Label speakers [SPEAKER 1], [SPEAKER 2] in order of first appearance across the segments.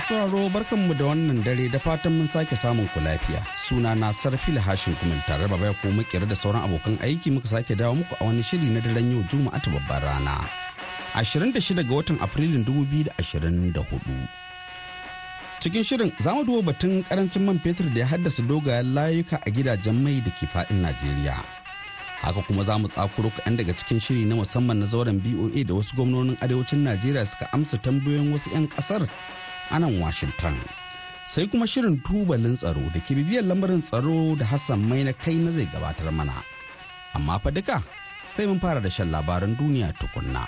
[SPEAKER 1] Masu raro barkanmu da wannan dare da fatan mun sake samun ku lafiya. Suna na da Hashin kuma tare da baya ko makera da sauran abokan aiki muka sake dawo muku a wani shiri na daren yau Juma'a ta babbar rana. 26 ga watan Afrilun 2024. Cikin shirin za mu duba batun karancin man fetur da ya haddasa dogayen layuka a gidajen mai da ke faɗin Najeriya. Haka kuma za mu tsakuro kaɗan daga cikin shiri na musamman na zauren BOA da wasu gwamnonin arewacin Najeriya suka amsa tambayoyin wasu 'yan ƙasar a nan Washington. Sai kuma shirin tubalin tsaro da ke bibiyar lamarin tsaro da Hassan mai na kai na zai gabatar mana. Amma fa duka sai mun fara da shan labaran duniya tukunna.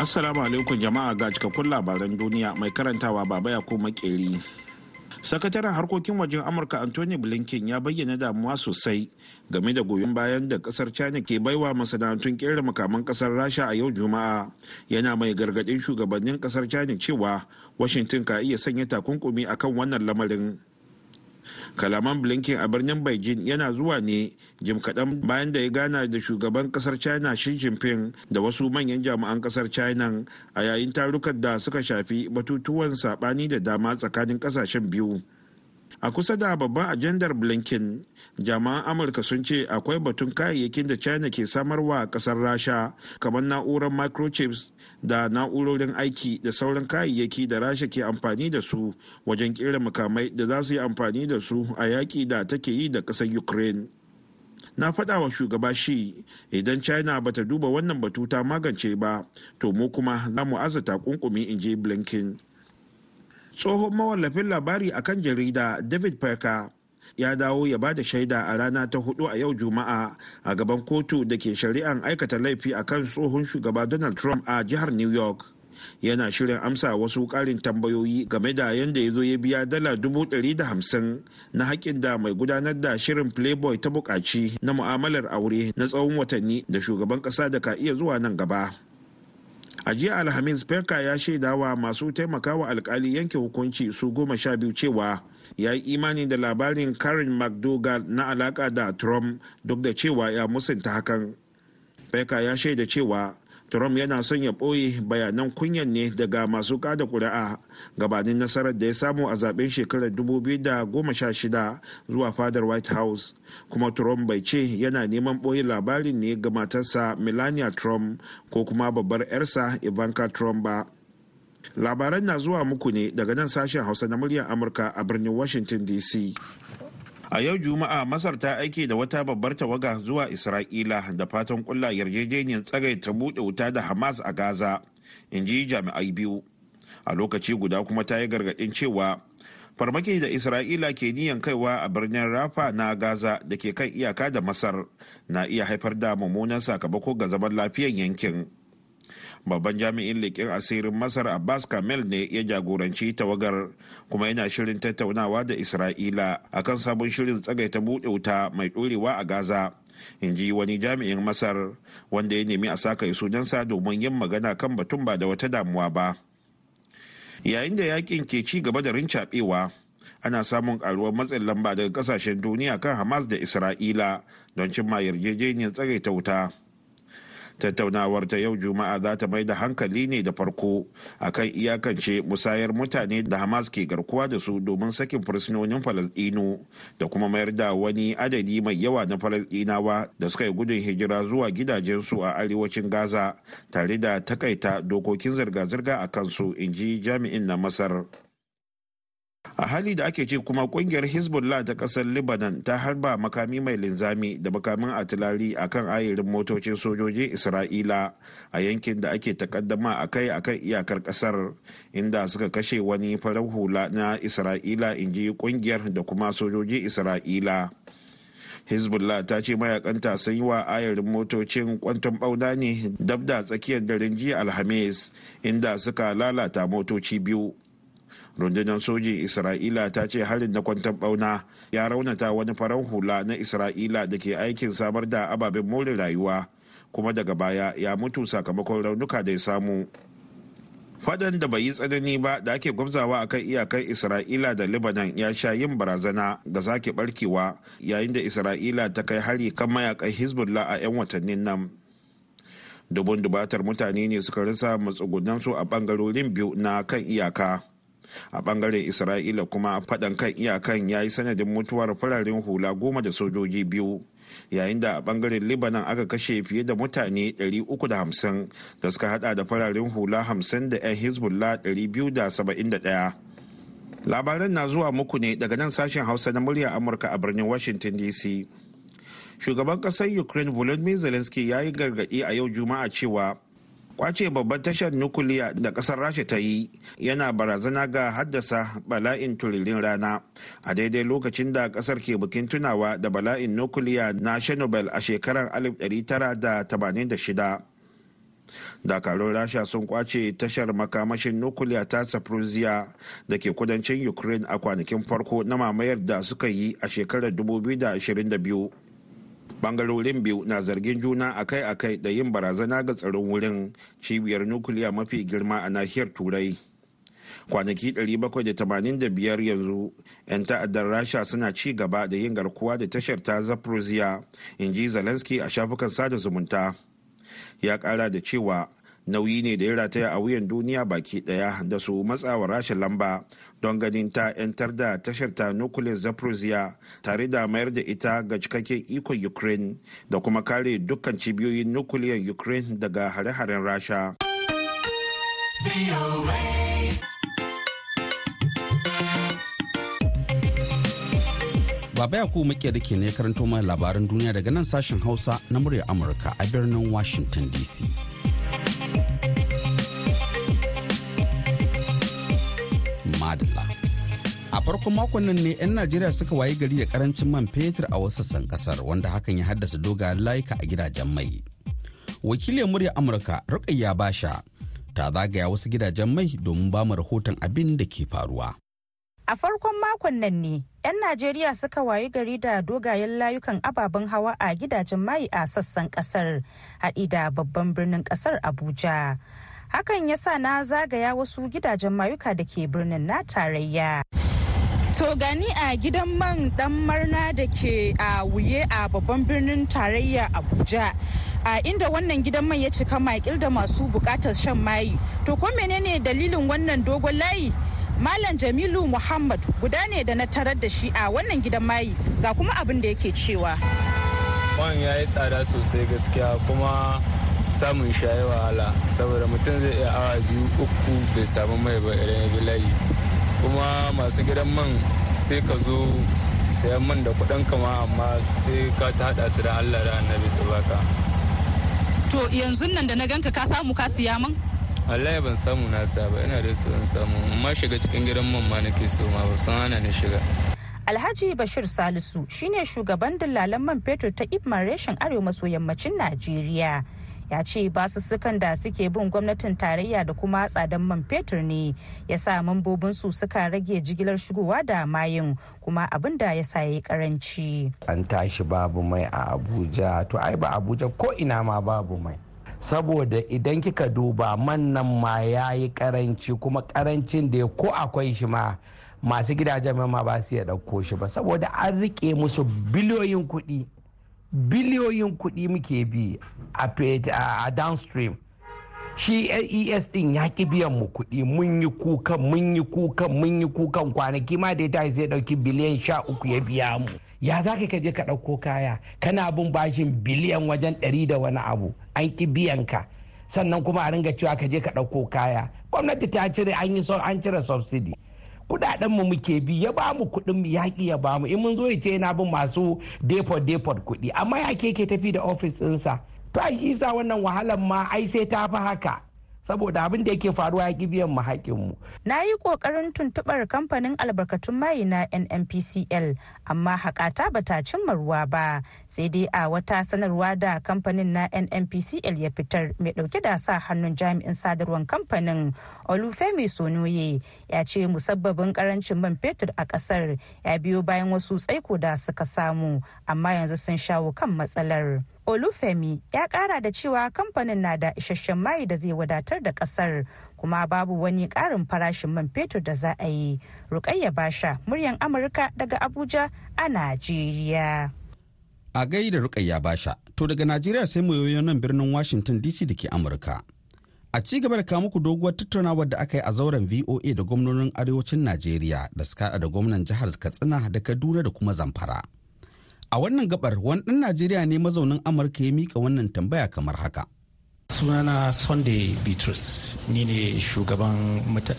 [SPEAKER 2] Assalamu alaikum jama'a ga cikakkun labaran duniya mai karantawa baba ya ko makeri. sakataren harkokin wajen amurka anthony blinken ya bayyana damuwa sosai game da goyon bayan da kasar china ke baiwa masana'antun kera makaman kasar rasha a yau juma'a yana mai gargadin shugabannin kasar china cewa washington ka iya sanya takunkumi akan wannan lamarin kalaman blinken a birnin beijing yana zuwa ne jim kaɗan bayan da ya gana da shugaban kasar china shi jinping da wasu manyan jami'an kasar china a yayin tarukan da suka shafi batutuwan saɓani da dama tsakanin ƙasashen biyu a kusa da babban ajandar blinken jama'an amurka sun ce akwai batun kayayyakin da china ke samarwa a kasar rasha kamar na'urar microchips da na'urorin aiki da sauran kayayyaki da rasha ke amfani da su wajen kera makamai da za su yi amfani da su a yaƙi da take yi da ƙasar ukraine na faɗa wa shugaba shi idan china ba ta duba wannan batu ta magance ba to mu kuma za mu azata kunkumi in je blinken tsohon mawallafin labari a kan jarida david parker ya dawo ya ba da shaida a rana ta hudu a yau juma'a a gaban kotu da ke shari'an aikata laifi a kan tsohon shugaba donald trump a jihar new york yana shirin amsa wasu karin tambayoyi game da yadda ya zo ya biya dala dubu ɗari da hamsin na haƙƙin da mai gudanar da shirin playboy ta buƙaci na mu'amalar aure na tsawon watanni da shugaban ƙasa da ka iya zuwa nan gaba a jiya alhamis peka ya shaidawa masu taimakawa alkali yanke hukunci su goma sha biyu cewa ya yi imani da labarin karin mcdougal na alaka da trump duk da cewa ya musanta hakan peka ya shaida cewa Trump yana son ya ɓoye bayanan kunyan ne daga masu kada kuri'a gabanin nasarar da ya samu a zaben shekarar 2016 zuwa fadar White House. Kuma Trump bai ce yana neman ɓoye labarin ne ga matarsa Melania Trump ko kuma babbar 'yarsa Ivanka Trump ba. Labaran na zuwa muku ne daga nan sashen Hausa na muryar Amurka a birnin Washington DC. A yau Juma'a Masar ta aike da wata babbar tawaga zuwa Isra'ila da fatan kulla yarjejeniyar tsagai ta buɗe wuta da Hamas a Gaza, in ji jami'ai biyu. A lokaci guda kuma ta yi gargaɗin cewa farmaki da Isra'ila ke niyan kaiwa a birnin Rafa na Gaza da ke kan iyaka da Masar na iya haifar da mummunan sakamako ga zaman lafiyar yankin. babban jami'in leƙen asirin masar abbas kamel ne ya jagoranci tawagar kuma yana shirin tattaunawa da isra'ila akan sabon shirin tsagaita buɗe wuta mai ɗorewa a gaza in ji wani jami'in masar wanda ya nemi a saka sunansa domin yin magana kan batun ba da wata damuwa ba yayin da yakin ke ci gaba da rincaɓewa ana samun karuwar matsin lamba daga kasashen duniya kan hamas da isra'ila don cimma yarjejeniyar tsagaita wuta tattaunawar ta yau juma'a za ta mai da hankali ne da farko akan iyakance musayar mutane da hamas ke garkuwa da su domin sakin fursunonin falasdino da kuma mayar da wani adadi mai yawa na falasdinawa da suka yi gudun hijira zuwa gidajensu a arewacin gaza tare da takaita dokokin zirga-zirga a kansu in ji jami'in na masar a hali da ake ce kuma kungiyar hezbollah ta kasar lebanon ta harba makami mai linzami da makamin atilari a kan ayarin motocin sojojin isra'ila a yankin da ake takaddama a kai a kan iyakar kasar inda suka kashe wani farar hula na isra'ila in ji kungiyar da kuma sojojin isra'ila hezbollah ta ce mayakanta sun yi wa ayarin motocin kwanton bauna ne dab da tsakiyar daren jiya alhamis inda suka lalata motoci biyu rundunar sojin isra'ila ta ce harin na kwantar bauna ya raunata wani farar hula na isra'ila da ke aikin samar da ababen more rayuwa kuma daga baya ya mutu sakamakon raunuka da ya samu fadan da bai yi tsanani ba da ake a kan iyakar isra'ila da libanan ya sha yin barazana ga sake barkewa yayin da isra'ila ta kai hari kan mayakan hezbollah a 'yan watannin nan dubun dubatar mutane ne suka rasa matsugunansu a bangarorin biyu na kan iyaka a bangaren isra'ila kuma faɗan kan iyakan ya yi sanadin mutuwar fararen hula goma da sojoji biyu yayin da a bangaren libanan aka kashe fiye da mutane 350 da suka hada da fararen hula 50 da 'yan hezbollah 271 labaran na zuwa muku ne daga nan sashen hausa na murya amurka a birnin washington dc shugaban kasar ukraine volodymyr zelensky ya yi gargadi a yau juma'a cewa kwace babban tashar nukuliya da kasar rasha ta yi yana barazana ga haddasa bala'in turilin rana a daidai lokacin da kasar ke bikin tunawa da bala'in nukuliya na shenobel a shekarar 1986 dakarun rasha sun kwace tashar makamashin nukuliya ta saprosia da ke kudancin ukraine a kwanakin farko na mamayar da suka yi a shekarar 2022 bangarorin biyu na zargin juna akai-akai da yin barazana ga tsaron wurin cibiyar nukiliya mafi girma a nahiyar turai kwanaki 785 yanzu 'yan ta'addar rasha suna ci gaba da yin garkuwa da tashar ta zaporozhia in ji zelensky a shafukan sada zumunta ya kara da cewa nauyi ne da ya rataya a wuyan duniya baki daya da su matsawa rasha lamba don ganin ta 'yantar da tashar ta nukuliyar zaporozhia tare da mayar da ita ga cikakken ikon ukraine da kuma kare dukkan cibiyoyin nukuliyar ukraine daga hare-haren rasha
[SPEAKER 1] Baba ku muke da ke ne karanto mai labaran duniya daga nan sashen Hausa na murya Amurka a birnin Washington DC. a farkon makon nan ne 'yan najeriya suka wayi gari da karancin man fetur a wasu san kasar wanda hakan ya haddasa dogayen layuka a gidajen mai wakilin murya amurka rukayya basha ta zagaya wasu gidajen mai domin ba mu rahoton abin da ke faruwa
[SPEAKER 3] a farkon makon nan ne 'yan najeriya suka wayi gari da dogayen layukan ababen hawa a gidajen mai a sassan kasar haɗi da babban birnin kasar abuja hakan ya sa na zagaya wasu gidajen mayuka da ke birnin na tarayya. To gani a gidan man dan marna da ke a wuye a babban birnin tarayya Abuja. a inda wannan gidan man ya cika makil da masu bukatar shan mayi to ko menene dalilin wannan dogon layi malam jamilu muhammad guda ne da na tarar da shi a wannan gidan mayi ga kuma abin da yake cewa
[SPEAKER 1] man ya yi tsada sosai gaskiya kuma samun shayi wahala saboda mutum zai iya awa biyu uku bai samu mai ba idan ya bi layi kuma masu gidan man sai ka zo sayan man da kuɗin kama amma sai ka ta hada su da allah da annabi su baka
[SPEAKER 3] to yanzu nan da na ganka ka samu ka siya man
[SPEAKER 1] ya ban samu na saba ba da so samu amma shiga cikin gidan man ma nake so
[SPEAKER 4] ma ba san hana ni shiga
[SPEAKER 3] Alhaji Bashir Salisu shine shugaban dillalan man fetur ta Ibman reshen Arewa maso yammacin Najeriya. ya ce basussukan da suke bin gwamnatin tarayya da kuma tsadan man fetur ne ya sa mambobin su suka rage jigilar shigowa da mayin kuma abin da ya sa yi karanci.
[SPEAKER 5] An tashi babu mai a Abuja, to ai ba Abuja ko ina ma babu mai. Saboda idan kika duba man nan ma ya yi karanci kuma karancin da ko akwai shi ma masu gidajen ma ba su ya ɗauko shi ba saboda an rike musu biliyoyin kuɗi. biliyoyin kuɗi muke bi a downstream shi les din ya ki biyan mu kuɗi mun yi kukan mun yi kukan mun yi kukan kwanaki ma da ya zai ɗauki biliyan sha uku ya biya mu ya za ka je ka ɗauko kaya kana bin bashin biliyan wajen ɗari da wani abu an ki biyan ka sannan kuma a ringa cewa ka je ka ɗauko kaya gwamnati ta cire an yi an cire subsidy kudaden mu muke bi ya ba mu kudin mu yaki ya ba mu in mun zo ya ce yana bin masu depot depot kudi amma ya ke ke tafi da ofis ɗinsa to a sa wannan wahalar ma ai sai ta fi haka
[SPEAKER 3] saboda abin da yake faruwa ya biyan mu haƙinmu. Na yi ƙoƙarin tuntuɓar kamfanin albarkatun mai na NNPCL amma haƙata ba ta cimma ruwa ba sai dai a wata sanarwa da kamfanin na NNPCL ya fitar mai ɗauke da sa hannun jami'in sadarwar kamfanin Olufemi Sonoye ya ce musabbabin ƙarancin man fetur a ƙasar ya biyo bayan wasu tsaiko da suka samu amma yanzu sun shawo kan matsalar. olufemi ya kara da cewa kamfanin na da isasshen mai da zai wadatar da kasar kuma babu wani karin farashin man fetur da za a yi rukayya basha muryan amurka daga abuja a najeriya
[SPEAKER 1] a da rukayya basha to daga najeriya sai mu yoyo nan birnin washington dc da ke amurka a ci gaba da kawo muku doguwar tattaunawa da aka yi a zauren voa da gwamnonin arewacin najeriya da suka da gwamnan jihar katsina da kaduna da kuma zamfara a wannan gabar wani ɗan najeriya ne mazaunin amurka ya mika wannan tambaya kamar haka sunana sunday bitrus ni ne shugaban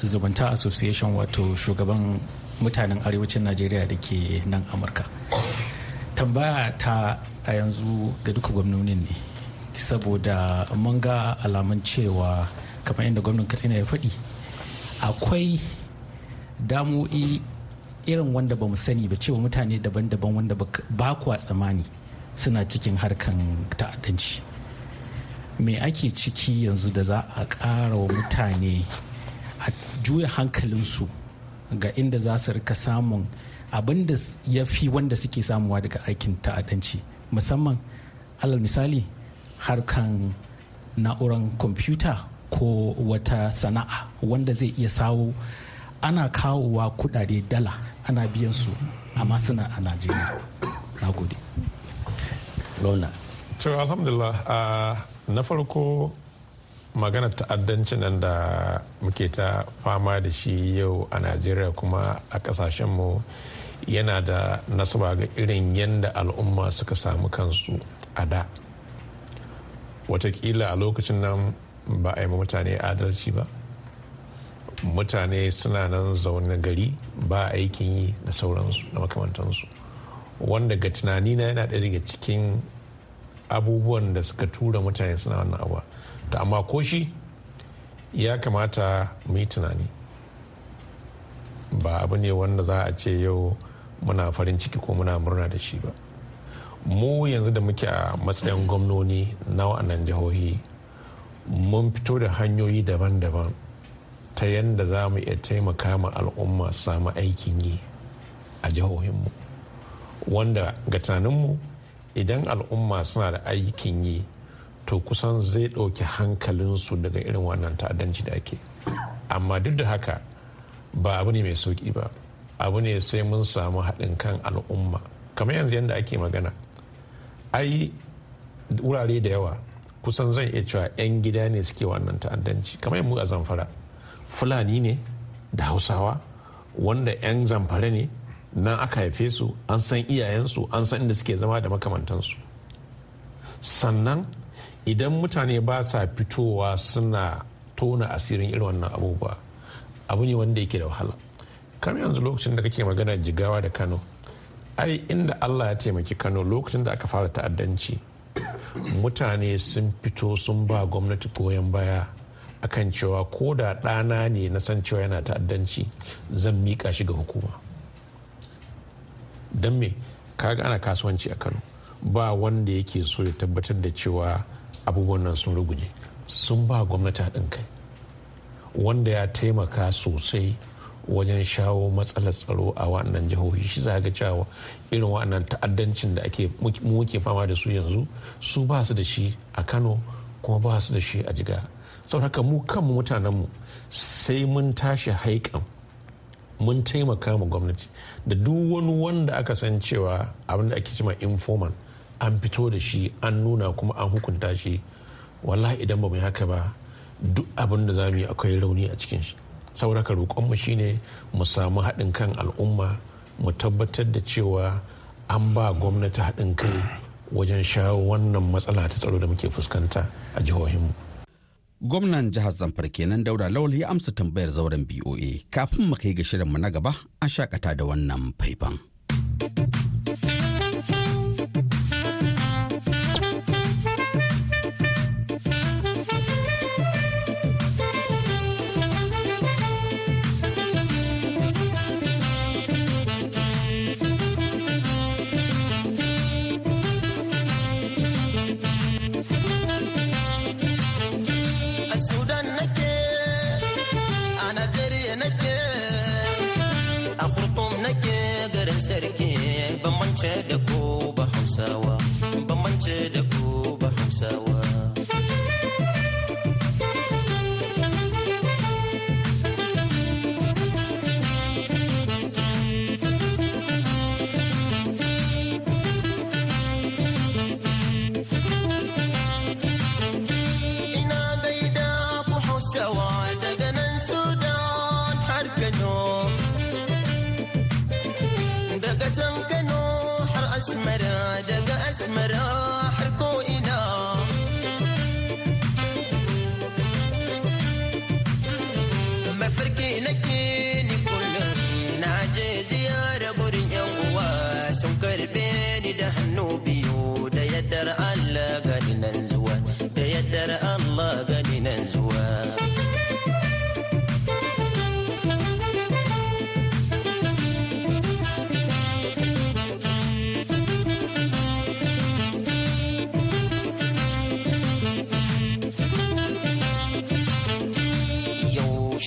[SPEAKER 1] zumunta association wato shugaban mutanen arewacin najeriya da ke nan amurka tambaya ta a yanzu ga duka gwamnonin ne saboda mun ga alamun cewa kamar inda gwamnan katsina ya faɗi akwai damo'i irin wanda ba mu sani ba cewa mutane daban-daban wanda ba kwa tsamani suna cikin harkan ta'addanci me ake ciki yanzu da za a ƙara wa mutane a juya hankalinsu ga inda za su rika samun abin da ya fi wanda suke samuwa daga aikin ta'addanci musamman alal misali harkan na'urar kwamfuta ko wata sana'a wanda zai iya sawo ana kawowa kudade dala ana biyan su amma suna a najeriya
[SPEAKER 6] na gode
[SPEAKER 7] to alhamdulillah na farko maganar ta'addanci nan da muke ta fama da shi yau a najeriya kuma a kasashenmu yana da nasaba ga irin yadda al'umma suka samu kansu a da watakila a lokacin nan ba a yi mutane adalci ba mutane suna nan zaune gari ba aikin yi da sauransu da makamantansu wanda ga tunani na yana ɗaya daga cikin abubuwan da suka tura mutane suna wannan abuwa to amma ko shi ya kamata mu yi tunani ba abu ne wanda za a ce yau muna farin ciki ko muna murna da shi ba mu yanzu da muke a matsayin gwamnoni na wa'annan jihohi mun fito da hanyoyi daban-daban ta yadda za mu iya taimaka ma al'umma samu aikin yi a jihohinmu wanda ga tunaninmu idan al'umma suna da aikin yi to kusan zai ɗauki hankalinsu daga irin wannan ta'addanci da ake amma duk da haka ba abu ne mai sauƙi ba abu ne sai mun samu haɗin kan al'umma kamar yanzu yadda ake magana ai wurare da yawa kusan zan iya cewa 'yan gida ne suke wannan ta'addanci kamar mu a zamfara fulani ne da hausawa wanda 'yan zamfara ne nan aka haife su an san iyayensu an san inda suke zama da makamantansu sannan idan mutane ba sa fitowa suna tona asirin irin wannan abubuwa abu ne wanda yake da wahala kam yanzu lokacin da kake magana jigawa da kano ai inda allah ya taimaki kano lokacin da aka fara ta'addanci mutane sun fito sun ba gwamnati goyon baya akan cewa ko da ɗana ne na san cewa yana ta'addanci zan miƙa shi ga hukuma don me kaga ana kasuwanci a kano ba wanda yake so ya tabbatar da cewa abubuwan nan sun ruguje sun ba gwamnati haɗin kai wanda ya taimaka sosai wajen shawo matsalar tsaro a wannan jihohi shi za ga cewa irin wannan ta'addancin da ake muke fama da su yanzu su ba su da shi a kano kuma ba su da shi a jiga sau haka mu mutanen mutanenmu sai mun tashi haikan mun taimaka ma gwamnati da duk wani wanda aka san cewa abin da ake cima informal an fito da shi an nuna kuma an hukunta shi wallahi idan ba mu haka ba duk abin da za mu yi akwai rauni a cikin shi sauraka ka roƙonmu shine mu samu haɗin kan al'umma mu tabbatar da cewa an ba gwamnati haɗin kai
[SPEAKER 1] wajen shawo wannan matsala ta tsaro da muke fuskanta a jihohinmu. Gwamnan jihar zamfar kenan Dauda Lawal ya amsa tambayar zauren BOA kafin mu kai ga shirinmu na gaba a shakata da wannan faifan.
[SPEAKER 8] da kowa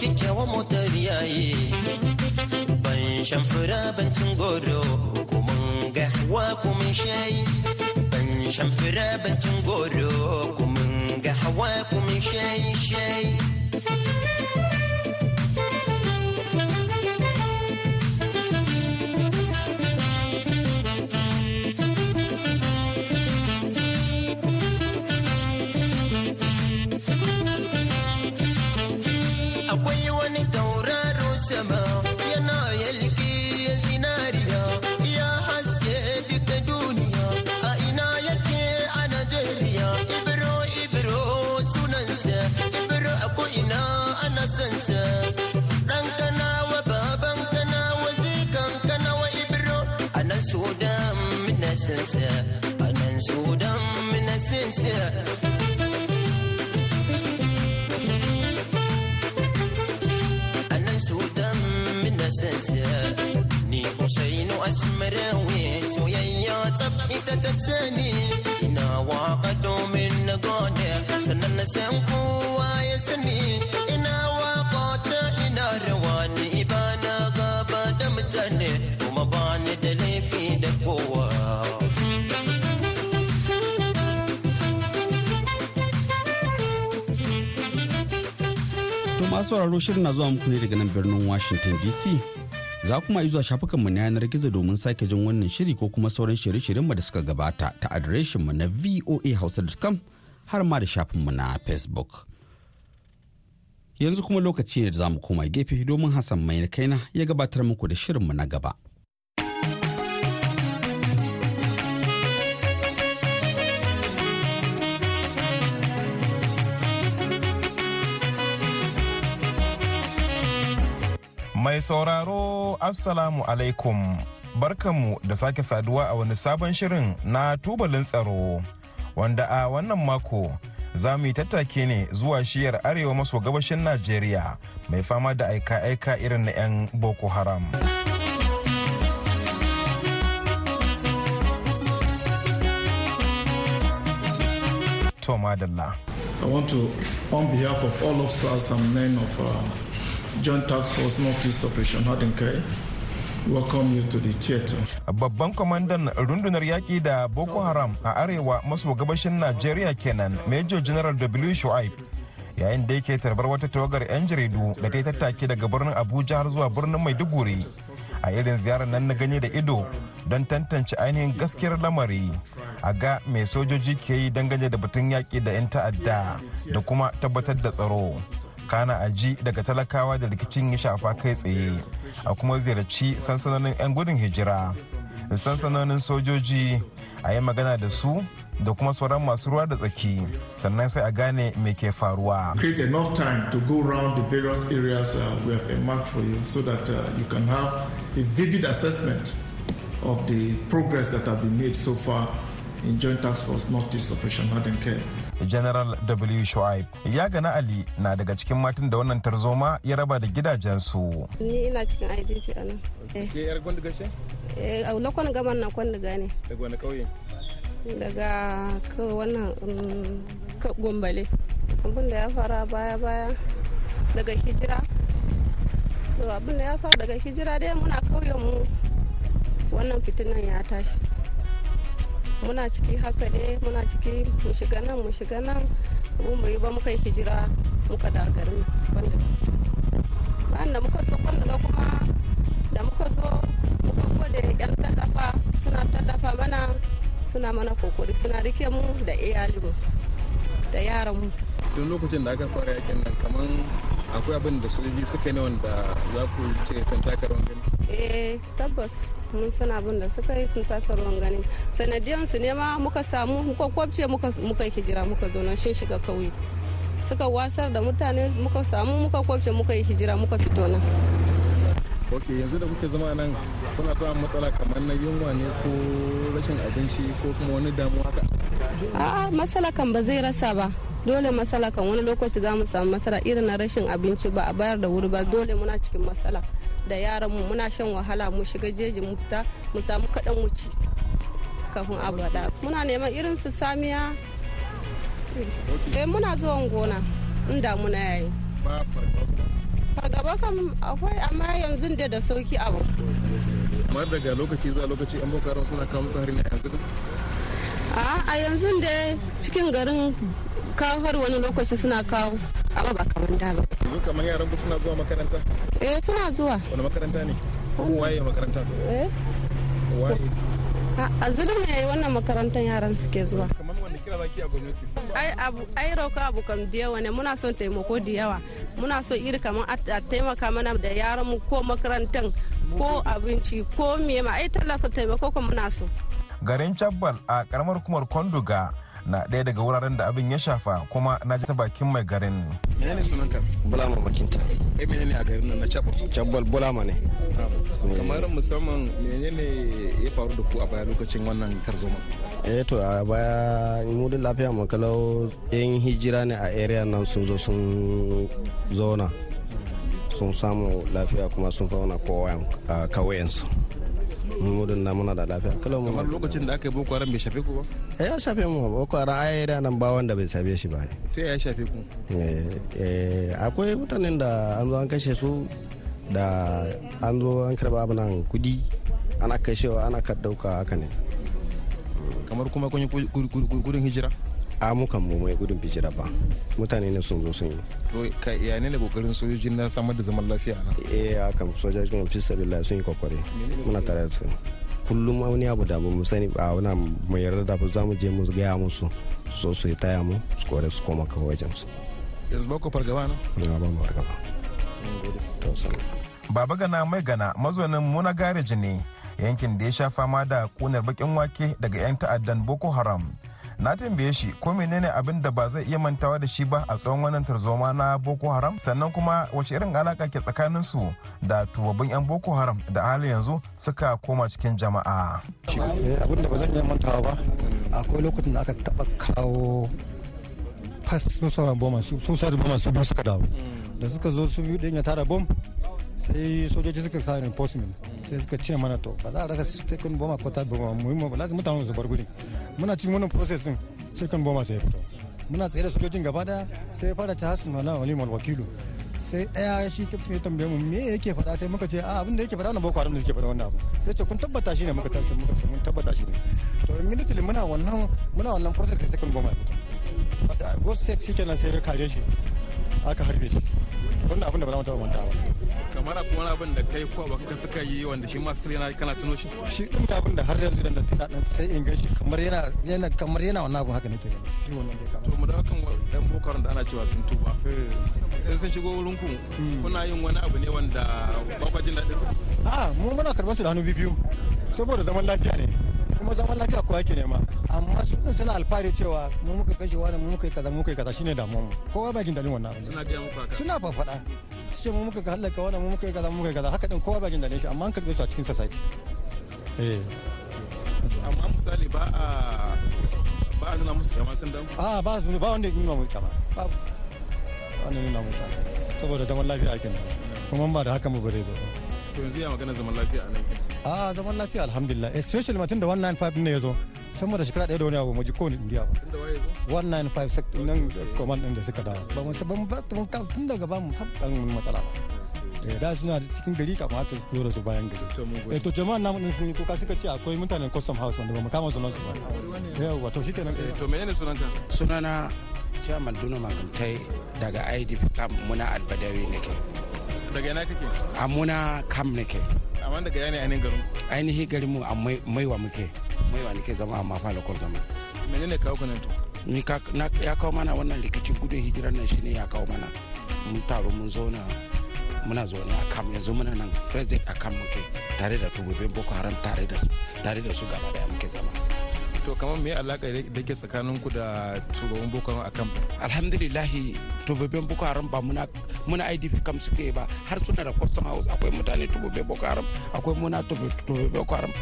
[SPEAKER 8] kyakkyawan motar yaye ban shan fura ban cin goro kumin gawa kumin shayi ban shan fura ban cin goro kumin gawa kumin shayi na san kowa ya sani ina waƙota ina rawa ni ba na gaba da mutane kuma ba ni da
[SPEAKER 1] laifi da kowa masu sauraro shirin na zuwa muku ne daga nan birnin Washington DC za kuma zuwa shafukanmu na yanar gizo domin sake jin wannan shiri ko kuma sauran shirye mu da suka gabata ta adireshinmu na voahausa.com har ma da shafinmu na facebook yanzu kuma lokaci ne da za mu koma gefe domin hassan mai kaina ya gabatar muku da shirinmu na gaba
[SPEAKER 6] Mai sauraro Assalamu alaikum barkanmu da sake saduwa a wani sabon shirin na tubalin tsaro wanda a wannan mako za mu yi tattake ne zuwa shiyar arewa maso gabashin najeriya mai fama da aika-aika irin na 'yan boko haram I want to, on behalf of all of us and men of uh, Joint Task Force Northeast Operation hardin kai welcome you to the theater. Babban kwamandan rundunar yaƙi da Boko Haram a arewa maso gabashin Najeriya kenan Major General W. Shu'aib yayin da yake tarbar wata tawagar 'yan jaridu da ta yi tattaki daga birnin Abuja har zuwa birnin Maiduguri a irin ziyarar nan na gani da ido don tantance ainihin gaskiyar lamari a ga mai sojoji ke yi dangane da batun yaƙi da 'yan ta'adda da kuma tabbatar da tsaro. kana a ji daga talakawa da rikicin ya shafa kai tsaye a kuma ziyarci sansanonin 'yan gudun hijira da sansanonin sojoji a yi magana da su da kuma sauran masu ruwa da tsaki sannan sai a gane me ke faruwa. Create enough time to go around the various areas uh, we have earmarked for you so that uh, you can have a vivid assessment of the progress that have been made so far in Joint Task Force Northeast Operation and Care. General W. Shu'aib. Ya gana Ali na daga cikin matan da wannan tarzoma ya raba da gidajensu.
[SPEAKER 4] Ni ina cikin IDP a nan.
[SPEAKER 6] Ke yar gwandiga ce?
[SPEAKER 4] Eh, na kwan gaban na kwandiga ne. Daga wani ƙauye? Daga wannan gombale. Abin da ya fara baya-baya daga hijira. Abin da ya fara daga hijira dai muna ƙauyenmu mu wannan fitinan ya tashi. muna ciki haka ne muna ciki mu shiga nan mu shiga nan mu mu yi ba muka yi hijira muka da garin wanda wanda muka zo kwanda kuma da muka zo muka gode yan tallafa suna tallafa mana suna mana kokori suna rike mu da iyalinmu da yaran mu.
[SPEAKER 6] tun lokacin da aka fara yakin nan kaman akwai abin da sojoji suka yi na wanda za ku ce sun taka rawan gani
[SPEAKER 4] eh tabbas mun san abin da suka yi sun taka rawan gani sanadiyan su ne ma muka samu muka kwabce muka yi hijira muka zo nan shin shiga kauye suka wasar da mutane muka samu muka kwabce muka yi hijira muka fito nan
[SPEAKER 6] ok yanzu da kuke zama nan kuna samun matsala kamar na yunwa ne ko rashin abinci ko kuma wani damuwa haka
[SPEAKER 4] a matsala kan ba zai rasa ba dole matsala kan wani lokaci za mu samu matsala irin na rashin abinci ba a bayar da wuri ba dole muna cikin matsala da yaran mu muna shan wahala mu shiga jeji mu fita mu samu kaɗan wuce kafin a bada muna neman irin su samiya eh muna zuwan gona
[SPEAKER 7] in damuna yayi
[SPEAKER 4] fargaba kam akwai amma yanzu da da sauki abu
[SPEAKER 6] amma daga lokaci zuwa lokaci an boko suna kawo muku hari ne yanzu
[SPEAKER 4] a yanzu da cikin garin kawo har wani lokaci suna kawo amma ba kamar da ba
[SPEAKER 6] yanzu kamar yaran ku suna zuwa makaranta
[SPEAKER 4] eh suna zuwa
[SPEAKER 6] wani makaranta ne waye makaranta eh waye
[SPEAKER 4] a zulum ne wannan makarantar yaran suke zuwa kamar
[SPEAKER 6] wanda kira zaki a gwamnati
[SPEAKER 4] ai abu abu kam da yawa ne muna son taimako da yawa muna so iri kamar a taimaka mana da yaran mu ko makarantar ko abinci ko me ma ai tallafa taimako kuma muna so
[SPEAKER 6] garin cabbal a karamar kumar kwanduga na ɗaya daga wuraren da abin ya shafa kuma na ji ta bakin mai garin. Menene sunanka? Bulama Makinta. Kai menene a garin nan na Chabbal? Chabbal Bulama ne. Ah, kamar musamman menene ya faru da ku a baya lokacin wannan tarzoma?
[SPEAKER 1] Eh to a baya mudin lafiya makalau yan hijira ne a area nan sun zo sun zauna sun samu lafiya kuma sun fauna kowa a kauyensu. mu mudun na muna da lafiya kalau mu lokacin
[SPEAKER 6] da aka yi boko haram bai shafe ku ba
[SPEAKER 1] eh ya shafe mu boko haram ai da nan ba wanda bai shafe shi ba
[SPEAKER 9] sai ya shafe ku
[SPEAKER 1] eh akwai mutanen da an zo an kashe su da an zo an karba abu nan kudi ana kashewa ana
[SPEAKER 6] kaddauka haka ne kamar kuma kun yi gudun hijira amukan mukan
[SPEAKER 9] mu mai gudun bijira ba mutane ne sun zo sun yi
[SPEAKER 6] to ka iya ne da kokarin sojojin na samar da zaman lafiya na
[SPEAKER 9] eh haka sojojin fi sabilillah sun yi kokari muna tare da su
[SPEAKER 1] kullum wani abu da mu sani ba wani mu yarda da za mu je mu gaya musu so su yi taya
[SPEAKER 9] mu su kore su koma ka wajen su
[SPEAKER 6] yanzu ba ku fargaba na
[SPEAKER 9] na ba mu fargaba
[SPEAKER 6] baba gana mai gana mazaunin muna gareji ne yankin da ya sha fama da kunar bakin wake daga 'yan ta'addan boko haram na tambaye shi ko menene abin da ba zai iya mantawa da shi ba a tsawon wannan tarzoma na boko haram sannan kuma wace irin alaka ke tsakanin su da tubabin yan boko haram da hali yanzu suka koma cikin jama'a
[SPEAKER 9] abin da ba zan iya mantawa ba akwai lokacin da aka taba kawo fas sun sa boma su biyu suka dawo da suka zo su biyu din ya tara bom sai sojoji suka sa ran min sai suka ce mana to ba za a rasa sai kan boma ko ta boma muhimmi ba lazim mutanen su bar gudun muna cikin wannan process din sai kan boma sai fito muna tsaye da sojojin gaba daya sai fara ta hasu na wali mal wakilu sai daya shi kaftin ya tambaye mu me yake faɗa sai muka ce a abin da yake faɗa wannan boko haram da yake faɗa wannan abu sai ce kun tabbata shi ne muka tace muka ce mun tabbata shi ne to immediately muna wannan muna wannan process sai kan boma fito go set shi kenan sai ya kare shi aka harbe shi wannan abin da ba za mu taɓa mantawa ba
[SPEAKER 6] kamar a kuma abin da kai ko baka suka yi wanda shi ma sai yana kana tuno shi shi din abin
[SPEAKER 9] da har yanzu idan da tuna dan sai in gashi kamar yana yana kamar yana wannan abin haka nake gani shi wannan bai kama to mu da kan dan bokaron da ana cewa sun tuba eh. in sun shigo wurin ku hmm. kuna yin
[SPEAKER 6] wani abu ne wanda ba ku jin daɗin su
[SPEAKER 9] a mu muna karɓar su da hannu biyu saboda zaman lafiya ne kuma zaman lafiya kowa yake nema amma su din suna alfahari cewa mu muka kashe wani mu muka yi kaza mu muka yi kaza shine damuwa mu kowa ba jin dalilin wannan abin suna ga muku haka suna fafaɗa su ce mu muka ga halaka wannan mu muka yi kaza mu muka yi kaza haka din kowa ba jin daɗin shi amma an karɓe su a cikin society eh.
[SPEAKER 6] amma misali ba a ba a nuna musu kyama sun damu a ah, ba
[SPEAKER 9] su ba wanda ya nuna musu kyama ba wanda ya nuna musu kyama saboda zaman lafiya ake nan kuma ba da haka mu bare ba
[SPEAKER 6] yanzu ya magana zaman lafiya a nan a
[SPEAKER 9] ah, zaman lafiya alhamdulillah especially mutum da 195 ne ya zo sama da shekara ɗaya da wani abu mu ji ko kowane indiya ba 195 sector nan command ɗin da suka dawo ba mu sabon ba tun daga ba mu sabon matsala ba eh, da suna cikin gari kafin haka dora su bayan gari eh to jama'a namu din sun yi kuka suka ce akwai mutanen custom house wanda ba mu kama sunan su ba yawa to shikenan eh to menene sunanka sunana
[SPEAKER 5] chairman Duno Magantai daga IDP camp muna albadawi nake daga ina kake a muna camp nake
[SPEAKER 6] amma daga yana ainihin garin
[SPEAKER 5] ainihin garin mu a maiwa muke mai wani ke zama amma fa lokal zama
[SPEAKER 6] menene kawo ku to
[SPEAKER 5] ni ka ya kawo mana wannan rikicin gudun hijirar nan shine ya kawo mana mun taro mun zauna muna zaune a kam yanzu muna nan president a kam muke tare da tubobin boko haram tare da su gaba daya muke zama to kamar me alaka da ke tsakanin ku da tsoron boko a kan alhamdulillah tubabben boko haram ba muna muna idp kam suke ba har suna da custom house akwai mutane tubabben boko haram akwai muna tubabben boko haram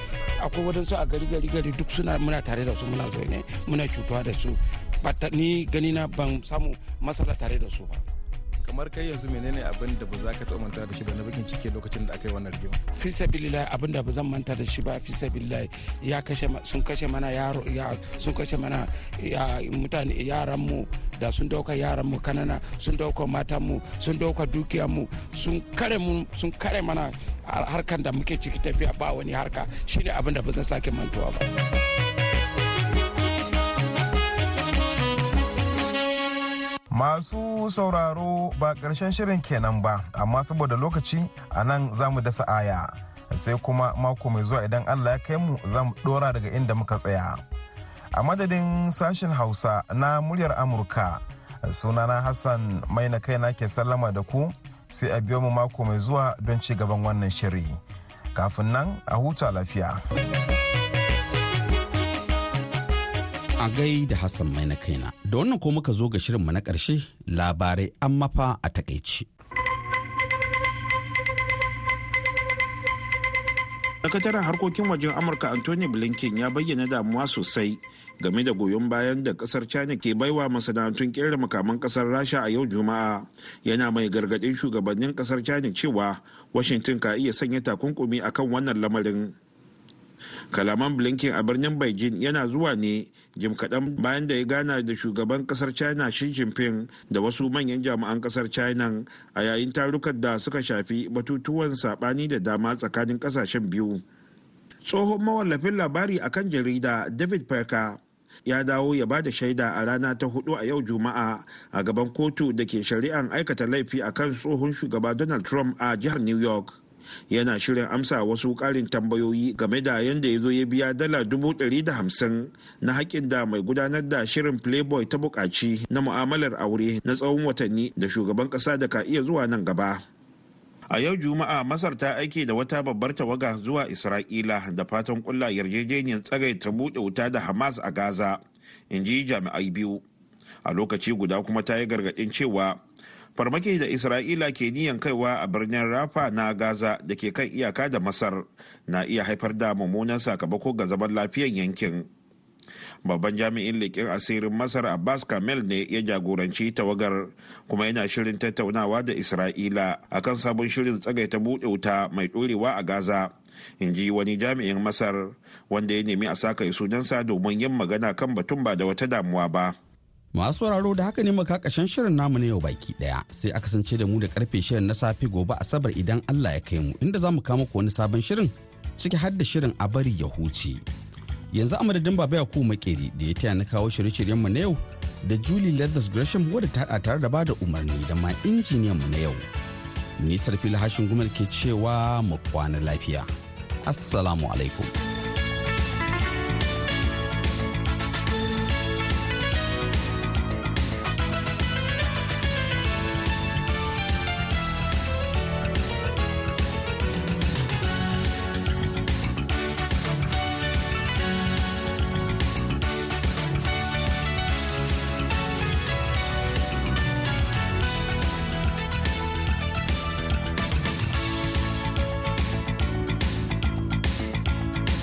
[SPEAKER 5] akwai wadansu a gari gari gari duk suna muna tare da su muna zo ne muna cutuwa da su ba ni gani na ban samu masala tare da su ba
[SPEAKER 6] kamar kai yanzu menene abin da ba za ka taɓa
[SPEAKER 5] manta da shi ba na bakin ciki lokacin da aka yi wannan rigima fi sabilillah abin da ba zan manta da shi ba fi sabilillah ya kashe sun kashe mana yaro ya sun kashe mana ya mutane yaran mu da sun dauka yaran mu kanana sun dauka matan mu sun dauka dukiyar mu sun kare mu sun kare mana harkan da muke ciki tafiya ba wani harka shine abin da ba zan sake mantuwa ba
[SPEAKER 6] Masu sauraro ba ƙarshen shirin kenan ba, amma saboda lokaci a nan za mu dasa aya. Sai kuma mako mai zuwa idan Allah ya kai mu za mu ɗora daga inda muka tsaya. A madadin sashen Hausa na muryar Amurka, sunana Hassan mai na kaina ke sallama da ku sai a biyo mu mako mai zuwa don ci gaban wannan shiri. Kafin nan a huta lafiya. A gai da Hassan mai na kaina, da wannan
[SPEAKER 1] ko muka zo ga shirinmu na ƙarshe labarai an mafa a takaici.
[SPEAKER 2] sakataren harkokin wajen amurka anthony blinken ya bayyana damuwa sosai game da goyon bayan da kasar china ke baiwa masana'antun kera makaman kasar rasha a yau juma'a yana mai gargadin shugabannin kasar china cewa washington ka iya sanya takunkumi akan wannan lamarin kalaman blinken a birnin beijing yana zuwa ne jim kaɗan bayan da ya gana da shugaban ƙasar china xi jinping da wasu manyan jami'an ƙasar china a yayin tarukan da suka shafi batutuwan saɓani da dama tsakanin ƙasashen biyu tsohon mawallafin labari a kan jarida david parker ya dawo ya bada shaida a rana ta hudu a yau juma'a a gaban kotu da ke shari'an aikata laifi a kan tsohon shugaba donald trump a jihar new york yana shirin amsa wasu karin tambayoyi game da yadda ya zo ya biya dala dubu ɗari da hamsin na haƙƙin da mai gudanar da shirin playboy ta buƙaci na mu'amalar aure na tsawon watanni da shugaban ƙasa da ka iya zuwa nan gaba a yau juma'a masar ta aike da wata babbar tawaga zuwa isra'ila da fatan kulla yarjejeniyar tsagai ta buɗe wuta da hamas a gaza in ji jami'ai biyu a lokaci guda kuma ta yi gargaɗin cewa farmaki da isra'ila ke niyan kaiwa a birnin rafa na gaza da ke kan iyaka da masar na iya haifar da mummunan sakamako ga zaman lafiyan yankin babban jami'in leƙin asirin masar abbas kamel ne ya jagoranci tawagar kuma yana shirin tattaunawa da isra'ila akan sabon shirin tsagaita buɗe wuta mai ɗorewa a gaza in ji wani jami'in masar wanda ya nemi a saka sunansa domin yin magana kan batun ba da wata damuwa ba
[SPEAKER 1] Masu sauraro da haka ne muka kakashen shirin namu na yau baki daya sai aka sance da mu da karfe shirin na safe gobe asabar idan Allah ya kai mu inda za mu kama ku wani sabon shirin ciki har da shirin a bari ya huce. Yanzu a madadin baba ya ku makeri da ya taya na kawo shirye-shiryen mu na yau da Julie Leathers Gresham wadda ta hada tare da bada umarni da ma injiniyan mu na yau. Nisar sarfi lahashin ke cewa mu kwana lafiya. Assalamu alaikum.